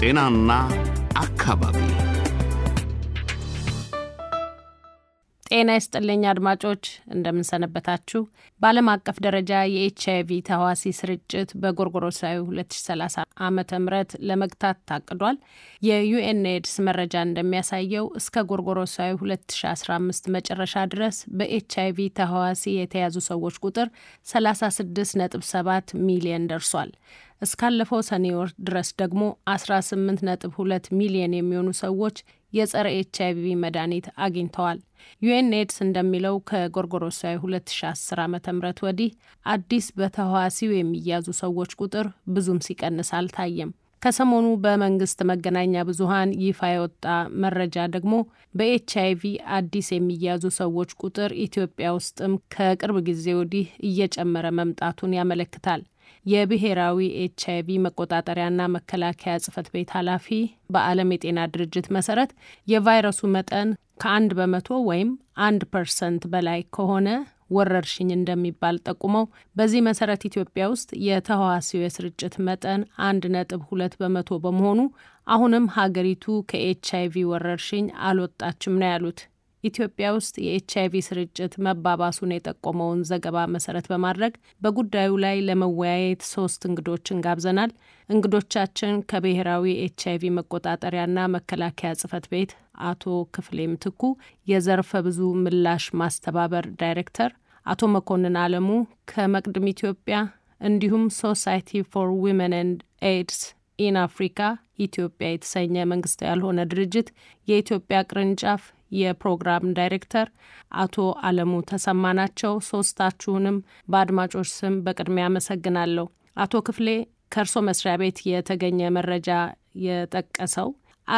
ጤናና አካባቢ ጤና ይስጥልኝ አድማጮች፣ እንደምንሰነበታችሁ። በዓለም አቀፍ ደረጃ የኤች ቪ ተህዋሲ ስርጭት በጎርጎሮሳዊ 2030 ዓ ም ለመግታት ታቅዷል። የዩኤንኤድስ መረጃ እንደሚያሳየው እስከ ጎርጎሮሳዊ 2015 መጨረሻ ድረስ በኤች ቪ ተህዋሲ የተያዙ ሰዎች ቁጥር 36.7 ሚሊየን ደርሷል። እስካለፈው ሰኔ ወር ድረስ ደግሞ 18.2 ሚሊየን የሚሆኑ ሰዎች የጸረ ኤች አይቪ መድኃኒት አግኝተዋል። ዩኤን ኤድስ እንደሚለው ከጎርጎሮሳዊ 2010 ዓ ም ወዲህ አዲስ በተህዋሲው የሚያዙ ሰዎች ቁጥር ብዙም ሲቀንስ አልታየም። ከሰሞኑ በመንግስት መገናኛ ብዙሃን ይፋ የወጣ መረጃ ደግሞ በኤች አይቪ አዲስ የሚያዙ ሰዎች ቁጥር ኢትዮጵያ ውስጥም ከቅርብ ጊዜ ወዲህ እየጨመረ መምጣቱን ያመለክታል። የብሔራዊ ኤች አይቪ መቆጣጠሪያና መከላከያ ጽህፈት ቤት ኃላፊ በዓለም የጤና ድርጅት መሰረት የቫይረሱ መጠን ከአንድ በመቶ ወይም አንድ ፐርሰንት በላይ ከሆነ ወረርሽኝ እንደሚባል ጠቁመው በዚህ መሰረት ኢትዮጵያ ውስጥ የተህዋሲው የስርጭት መጠን አንድ ነጥብ ሁለት በመቶ በመሆኑ አሁንም ሀገሪቱ ከኤች አይቪ ወረርሽኝ አልወጣችም ነው ያሉት። ኢትዮጵያ ውስጥ የኤች አይቪ ስርጭት መባባሱን የጠቆመውን ዘገባ መሰረት በማድረግ በጉዳዩ ላይ ለመወያየት ሶስት እንግዶችን ጋብዘናል። እንግዶቻችን ከብሔራዊ ኤች አይቪ መቆጣጠሪያና መከላከያ ጽህፈት ቤት አቶ ክፍሌ ምትኩ የዘርፈ ብዙ ምላሽ ማስተባበር ዳይሬክተር፣ አቶ መኮንን አለሙ ከመቅድም ኢትዮጵያ እንዲሁም ሶሳይቲ ፎር ዊመን ኤንድ ኤድስ ኢን አፍሪካ ኢትዮጵያ የተሰኘ መንግስት ያልሆነ ድርጅት የኢትዮጵያ ቅርንጫፍ የፕሮግራም ዳይሬክተር አቶ አለሙ ተሰማ ናቸው። ሶስታችሁንም በአድማጮች ስም በቅድሚያ አመሰግናለሁ። አቶ ክፍሌ ከእርሶ መስሪያ ቤት የተገኘ መረጃ የጠቀሰው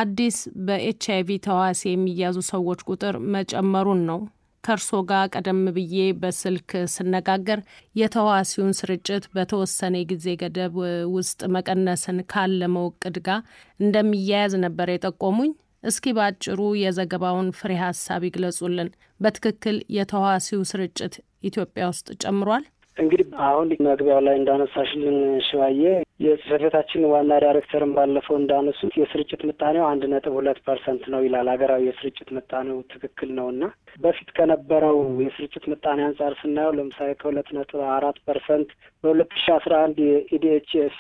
አዲስ በኤች አይቪ ተዋሲ የሚያዙ ሰዎች ቁጥር መጨመሩን ነው። ከእርሶ ጋር ቀደም ብዬ በስልክ ስነጋገር የተዋሲውን ስርጭት በተወሰነ ጊዜ ገደብ ውስጥ መቀነስን ካለመው እቅድ ጋር እንደሚያያዝ ነበር የጠቆሙኝ። እስኪ ባጭሩ የዘገባውን ፍሬ ሀሳብ ይግለጹልን። በትክክል የተዋሲው ስርጭት ኢትዮጵያ ውስጥ ጨምሯል? እንግዲህ አሁን መግቢያው ላይ እንዳነሳሽልን ሽባዬ የጽህፈት ቤታችን ዋና ዳይሬክተርን ባለፈው እንዳነሱት የስርጭት ምጣኔው አንድ ነጥብ ሁለት ፐርሰንት ነው ይላል። ሀገራዊ የስርጭት ምጣኔው ትክክል ነው እና በፊት ከነበረው የስርጭት ምጣኔ አንጻር ስናየው ለምሳሌ ከሁለት ነጥብ አራት ፐርሰንት በሁለት ሺ አስራ አንድ የኢዲኤችኤስ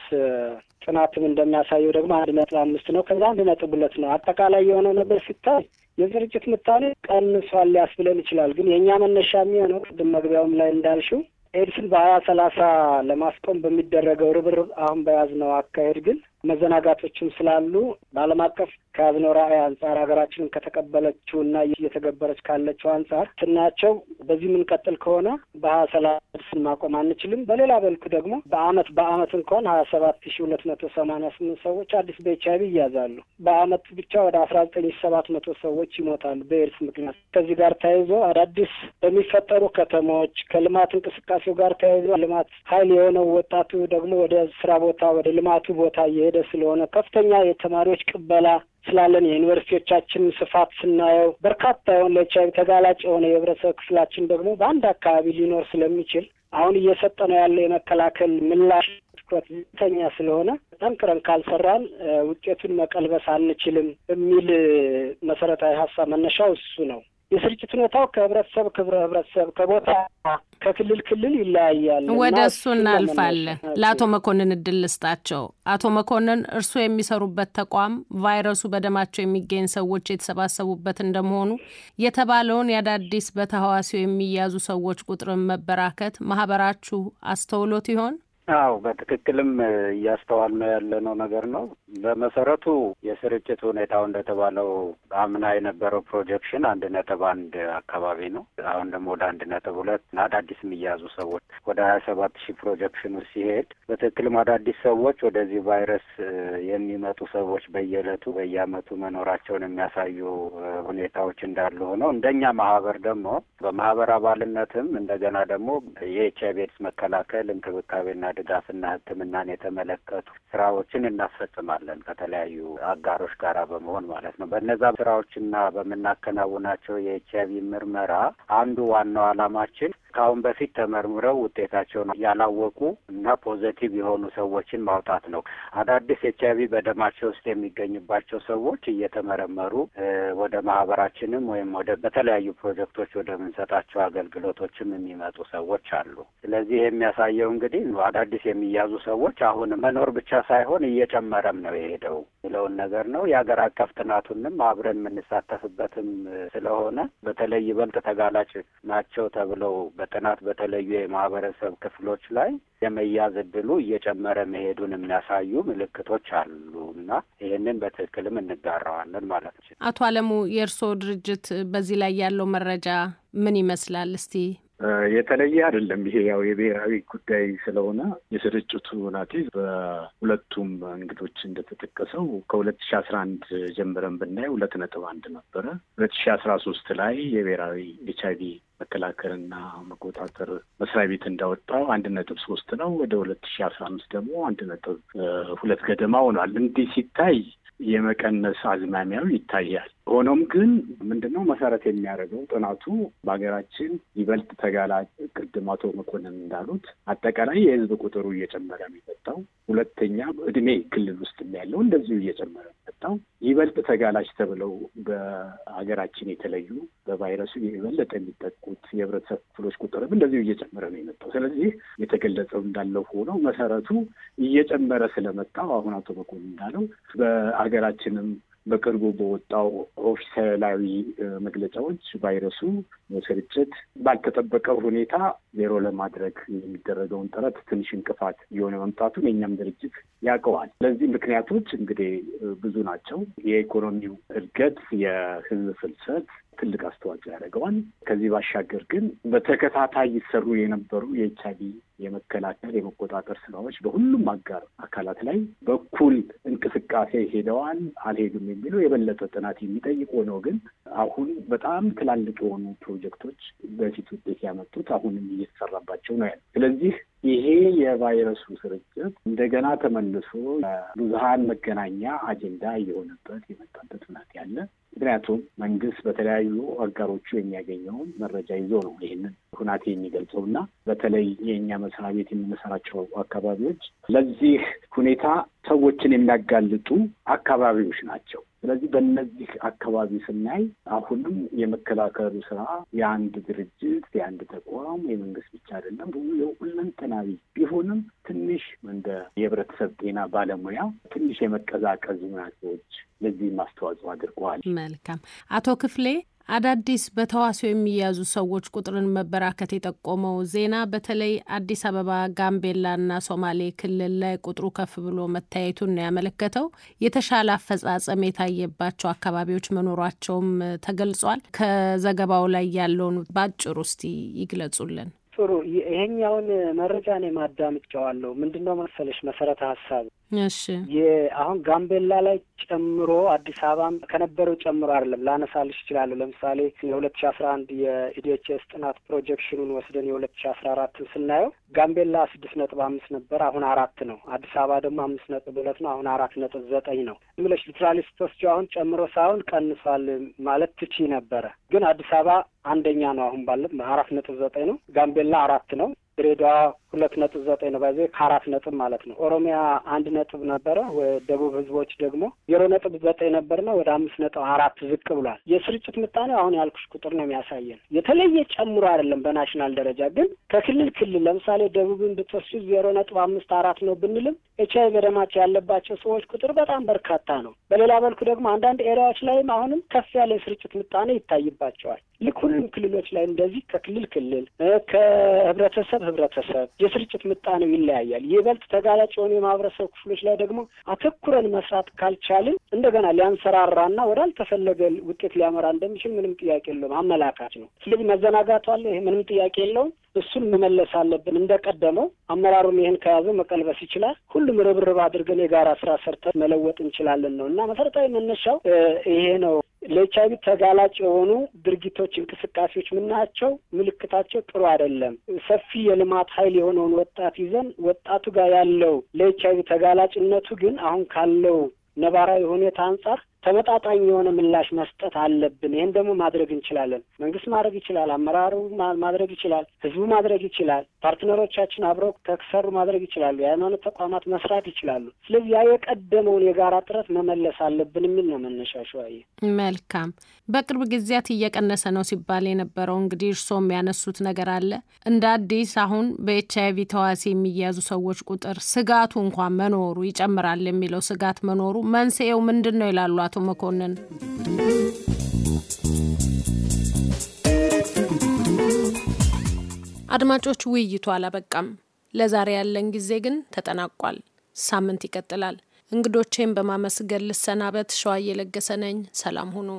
ጥናትም እንደሚያሳየው ደግሞ አንድ ነጥብ አምስት ነው። ከዛ አንድ ነጥብ ሁለት ነው። አጠቃላይ የሆነው ነገር ሲታይ የስርጭት ምጣኔ ቀንሷል ሊያስብለን ይችላል። ግን የእኛ መነሻ የሚሆነው ቅድም መግቢያውም ላይ እንዳልሽው ኤድስን በሀያ ሰላሳ ለማስቆም በሚደረገው ርብርብ አሁን በያዝነው አካሄድ ግን መዘናጋቶችም ስላሉ በዓለም አቀፍ ከያዝነው ራዕይ አንጻር ሀገራችንን ከተቀበለችው እና እየተገበረች ካለችው አንጻር ስናያቸው በዚህ የምንቀጥል ከሆነ በሀያ ሰላስን ማቆም አንችልም። በሌላ በልኩ ደግሞ በአመት በአመት እንኳን ሀያ ሰባት ሺ ሁለት መቶ ሰማኒያ ስምንት ሰዎች አዲስ በኤች አይቪ ይያዛሉ። በአመት ብቻ ወደ አስራ ዘጠኝ ሺ ሰባት መቶ ሰዎች ይሞታሉ በኤድስ ምክንያት። ከዚህ ጋር ተያይዞ አዳዲስ በሚፈጠሩ ከተሞች ከልማት እንቅስቃሴው ጋር ተያይዞ ልማት ሀይል የሆነው ወጣቱ ደግሞ ወደ ስራ ቦታ ወደ ልማቱ ቦታ እየ እየሄደ ስለሆነ ከፍተኛ የተማሪዎች ቅበላ ስላለን የዩኒቨርሲቲዎቻችን ስፋት ስናየው በርካታ የሆን ለኤች አይቪ ተጋላጭ የሆነ የህብረተሰብ ክፍላችን ደግሞ በአንድ አካባቢ ሊኖር ስለሚችል አሁን እየሰጠ ነው ያለው የመከላከል ምላሽ ትኩረት ዝቅተኛ ስለሆነ ጠንክረን ካልሰራን ውጤቱን መቀልበስ አንችልም የሚል መሰረታዊ ሀሳብ መነሻው እሱ ነው። የስርጭት ሁኔታው ከህብረተሰብ ክብረ ህብረተሰብ ከቦታ ከክልል ክልል ይለያያል። ወደ እሱ እናልፋለን። ለአቶ መኮንን እድል ልስጣቸው። አቶ መኮንን እርስዎ የሚሰሩበት ተቋም ቫይረሱ በደማቸው የሚገኝ ሰዎች የተሰባሰቡበት እንደመሆኑ የተባለውን የአዳዲስ በተህዋሲው የሚያዙ ሰዎች ቁጥርን መበራከት ማህበራችሁ አስተውሎት ይሆን? አዎ በትክክልም እያስተዋልነው ያለነው ነገር ነው። በመሰረቱ የስርጭት ሁኔታው እንደተባለው አምና የነበረው ፕሮጀክሽን አንድ ነጥብ አንድ አካባቢ ነው። አሁን ደግሞ ወደ አንድ ነጥብ ሁለት አዳዲስ የሚያዙ ሰዎች ወደ ሀያ ሰባት ሺህ ፕሮጀክሽኑ ሲሄድ በትክክልም አዳዲስ ሰዎች ወደዚህ ቫይረስ የሚመጡ ሰዎች በየዕለቱ በየአመቱ መኖራቸውን የሚያሳዩ ሁኔታዎች እንዳሉ ሆነው እንደኛ ማህበር ደግሞ በማህበር አባልነትም እንደገና ደግሞ የኤች አይቪ ኤድስ መከላከል እንክብካቤና ድጋፍና ሕክምናን የተመለከቱ ስራዎችን እናስፈጽማለን ከተለያዩ አጋሮች ጋራ በመሆን ማለት ነው። በነዛ ስራዎችና በምናከናውናቸው የኤች አይቪ ምርመራ አንዱ ዋናው አላማችን ከአሁን በፊት ተመርምረው ውጤታቸውን ያላወቁ እና ፖዘቲቭ የሆኑ ሰዎችን ማውጣት ነው። አዳዲስ ኤች አይቪ በደማቸው ውስጥ የሚገኝባቸው ሰዎች እየተመረመሩ ወደ ማህበራችንም ወይም ወደ በተለያዩ ፕሮጀክቶች ወደምንሰጣቸው አገልግሎቶችም የሚመጡ ሰዎች አሉ። ስለዚህ የሚያሳየው እንግዲህ አዳዲስ የሚያዙ ሰዎች አሁን መኖር ብቻ ሳይሆን እየጨመረም ነው የሄደው የሚለውን ነገር ነው። የሀገር አቀፍ ጥናቱንም አብረን የምንሳተፍበትም ስለሆነ በተለይ ይበልጥ ተጋላጭ ናቸው ተብለው በጥናት በተለዩ የማህበረሰብ ክፍሎች ላይ የመያዝ እድሉ እየጨመረ መሄዱን የሚያሳዩ ምልክቶች አሉ እና ይህንን በትክክልም እንጋራዋለን ማለት ነው። አቶ አለሙ የእርስዎ ድርጅት በዚህ ላይ ያለው መረጃ ምን ይመስላል? እስቲ የተለየ አይደለም። ይሄ ያው የብሔራዊ ጉዳይ ስለሆነ የስርጭቱ ናቲ በሁለቱም እንግዶች እንደተጠቀሰው ከሁለት ሺ አስራ አንድ ጀምረን ብናይ ሁለት ነጥብ አንድ ነበረ። ሁለት ሺ አስራ ሶስት ላይ የብሔራዊ ኤች አይቪ መከላከልና መቆጣጠር መስሪያ ቤት እንዳወጣው አንድ ነጥብ ሶስት ነው። ወደ ሁለት ሺ አስራ አምስት ደግሞ አንድ ነጥብ ሁለት ገደማ ሆኗል። እንዲህ ሲታይ የመቀነስ አዝማሚያው ይታያል። ሆኖም ግን ምንድነው መሰረት የሚያደርገው ጥናቱ በሀገራችን ይበልጥ ተጋላጭ ቅድም አቶ መኮንን እንዳሉት አጠቃላይ የህዝብ ቁጥሩ እየጨመረ ነው ሁለተኛ እድሜ ክልል ውስጥ ያለው እንደዚሁ እየጨመረ ነው ይበልጥ ተጋላጭ ተብለው በሀገራችን የተለዩ በቫይረሱ የበለጠ የሚጠቁት የህብረተሰብ ክፍሎች ቁጥርም እንደዚሁ እየጨመረ ነው የመጣው። ስለዚህ የተገለጸው እንዳለው ሆነው መሰረቱ እየጨመረ ስለመጣው አሁን አቶ በኩል እንዳለው በሀገራችንም በቅርቡ በወጣው ኦፊሴላዊ መግለጫዎች ቫይረሱ ስርጭት ባልተጠበቀ ሁኔታ ዜሮ ለማድረግ የሚደረገውን ጥረት ትንሽ እንቅፋት የሆነ መምጣቱን የእኛም ድርጅት ያውቀዋል። ለዚህ ምክንያቶች እንግዲህ ብዙ ናቸው። የኢኮኖሚው እድገት፣ የህዝብ ፍልሰት፣ ትልቅ አስተዋጽኦ ያደርገዋል። ከዚህ ባሻገር ግን በተከታታይ ይሰሩ የነበሩ የኤች አይቪ የመከላከል የመቆጣጠር ስራዎች በሁሉም አጋር አካላት ላይ በኩል እንቅስቃሴ ሄደዋል አልሄዱም የሚለው የበለጠ ጥናት የሚጠይቅ ሆኖ ግን አሁን በጣም ትላልቅ የሆኑ ፕሮጀክቶች በፊት ውጤት ያመጡት አሁንም እየተሰራባቸው ነው ያለ። ስለዚህ ይሄ የቫይረሱ ስርጭት እንደገና ተመልሶ ብዙሀን መገናኛ አጀንዳ እየሆነበት የመጣበት ሁኔታ ያለ ምክንያቱም መንግስት በተለያዩ አጋሮቹ የሚያገኘውን መረጃ ይዞ ነው ይህንን ሁናቴ የሚገልጸው እና በተለይ የእኛ መስሪያ ቤት የምንሰራቸው አካባቢዎች ለዚህ ሁኔታ ሰዎችን የሚያጋልጡ አካባቢዎች ናቸው። ስለዚህ በእነዚህ አካባቢ ስናይ አሁንም የመከላከሉ ስራ የአንድ ድርጅት የአንድ ተቋም የመንግስት ብቻ አይደለም፣ ብዙ የሁለንተናዊ ቢሆንም ትንሽ እንደ የህብረተሰብ ጤና ባለሙያ ትንሽ የመቀዛቀዝ ሁኔታዎች ለዚህም አስተዋጽኦ አድርገዋል። መልካም አቶ ክፍሌ አዳዲስ በተዋሲው የሚያዙ ሰዎች ቁጥርን መበራከት የጠቆመው ዜና በተለይ አዲስ አበባ፣ ጋምቤላና ሶማሌ ክልል ላይ ቁጥሩ ከፍ ብሎ መታየቱን ነው ያመለከተው። የተሻለ አፈጻጸም የታየባቸው አካባቢዎች መኖሯቸውም ተገልጿል። ከዘገባው ላይ ያለውን በአጭሩ እስቲ ይግለጹልን። ጥሩ፣ ይሄኛውን መረጃ እኔ ማዳምጫዋለሁ። ምንድን ነው መሰለሽ መሰረተ ሀሳብ እሺ አሁን ጋምቤላ ላይ ጨምሮ አዲስ አበባም ከነበረው ጨምሮ አይደለም ላነሳልሽ ይችላሉ። ለምሳሌ የሁለት ሺ አስራ አንድ የኢዲኤችኤስ ጥናት ፕሮጀክሽኑን ወስደን የሁለት ሺ አስራ አራትን ስናየው ጋምቤላ ስድስት ነጥብ አምስት ነበር፣ አሁን አራት ነው። አዲስ አበባ ደግሞ አምስት ነጥብ ሁለት ነው፣ አሁን አራት ነጥብ ዘጠኝ ነው። ምለሽ ሊትራሊ ስትወስጂ አሁን ጨምሮ ሳይሆን ቀንሷል ማለት ትቺ ነበረ። ግን አዲስ አበባ አንደኛ ነው፣ አሁን ባለ አራት ነጥብ ዘጠኝ ነው። ጋምቤላ አራት ነው። ድሬዳዋ ሁለት ነጥብ ዘጠኝ ነው ባይዘ ከአራት ነጥብ ማለት ነው። ኦሮሚያ አንድ ነጥብ ነበረ። ደቡብ ህዝቦች ደግሞ ዜሮ ነጥብ ዘጠኝ ነበርና ወደ አምስት ነጥብ አራት ዝቅ ብሏል። የስርጭት ምጣኔ አሁን ያልኩሽ ቁጥር ነው የሚያሳየን። የተለየ ጨምሮ አይደለም በናሽናል ደረጃ ግን ከክልል ክልል ለምሳሌ ደቡብን ብትወስጂ ዜሮ ነጥብ አምስት አራት ነው ብንልም ኤች አይ ያለባቸው ሰዎች ቁጥር በጣም በርካታ ነው። በሌላ መልኩ ደግሞ አንዳንድ ኤሪያዎች ላይም አሁንም ከፍ ያለ የስርጭት ምጣኔ ይታይባቸዋል። ልክ ሁሉም ክልሎች ላይ እንደዚህ ከክልል ክልል ከህብረተሰብ ህብረተሰብ የስርጭት ምጣኔው ይለያያል። ይበልጥ ተጋላጭ የሆኑ የማህበረሰብ ክፍሎች ላይ ደግሞ አተኩረን መስራት ካልቻልን እንደገና ሊያንሰራራና ወዳልተፈለገ ውጤት ሊያመራ እንደሚችል ምንም ጥያቄ የለውም፣ አመላካች ነው። ስለዚህ መዘናጋቱ አለ፣ ይሄ ምንም ጥያቄ የለውም። እሱን መመለስ አለብን። እንደቀደመው አመራሩም ይህን ከያዘ መቀልበስ ይችላል። ሁሉም ርብርብ አድርገን የጋራ ስራ ሰርተን መለወጥ እንችላለን ነው እና መሰረታዊ መነሻው ይሄ ነው ለኤች አይቪ ተጋላጭ የሆኑ ድርጊቶች፣ እንቅስቃሴዎች ምናቸው ምልክታቸው ጥሩ አይደለም። ሰፊ የልማት ኃይል የሆነውን ወጣት ይዘን ወጣቱ ጋር ያለው ለኤች አይቪ ተጋላጭነቱ ግን አሁን ካለው ነባራዊ ሁኔታ አንጻር ተመጣጣኝ የሆነ ምላሽ መስጠት አለብን። ይህን ደግሞ ማድረግ እንችላለን። መንግስት ማድረግ ይችላል። አመራሩ ማድረግ ይችላል። ህዝቡ ማድረግ ይችላል። ፓርትነሮቻችን አብረው ከሰሩ ማድረግ ይችላሉ። የሃይማኖት ተቋማት መስራት ይችላሉ። ስለዚህ ያ የቀደመውን የጋራ ጥረት መመለስ አለብን የሚል ነው መነሻሽ። መልካም። በቅርብ ጊዜያት እየቀነሰ ነው ሲባል የነበረው እንግዲህ እርስዎ የሚያነሱት ነገር አለ። እንደ አዲስ አሁን በኤች አይቪ ተዋሲ የሚያዙ ሰዎች ቁጥር ስጋቱ እንኳን መኖሩ ይጨምራል የሚለው ስጋት መኖሩ መንስኤው ምንድን ነው ይላሉ አቶ መኮንን። አድማጮች ውይይቱ አላበቃም። ለዛሬ ያለን ጊዜ ግን ተጠናቋል። ሳምንት ይቀጥላል። እንግዶቼን በማመስገን ልሰናበት። ሸዋ እየለገሰ ነኝ። ሰላም ሁኑ።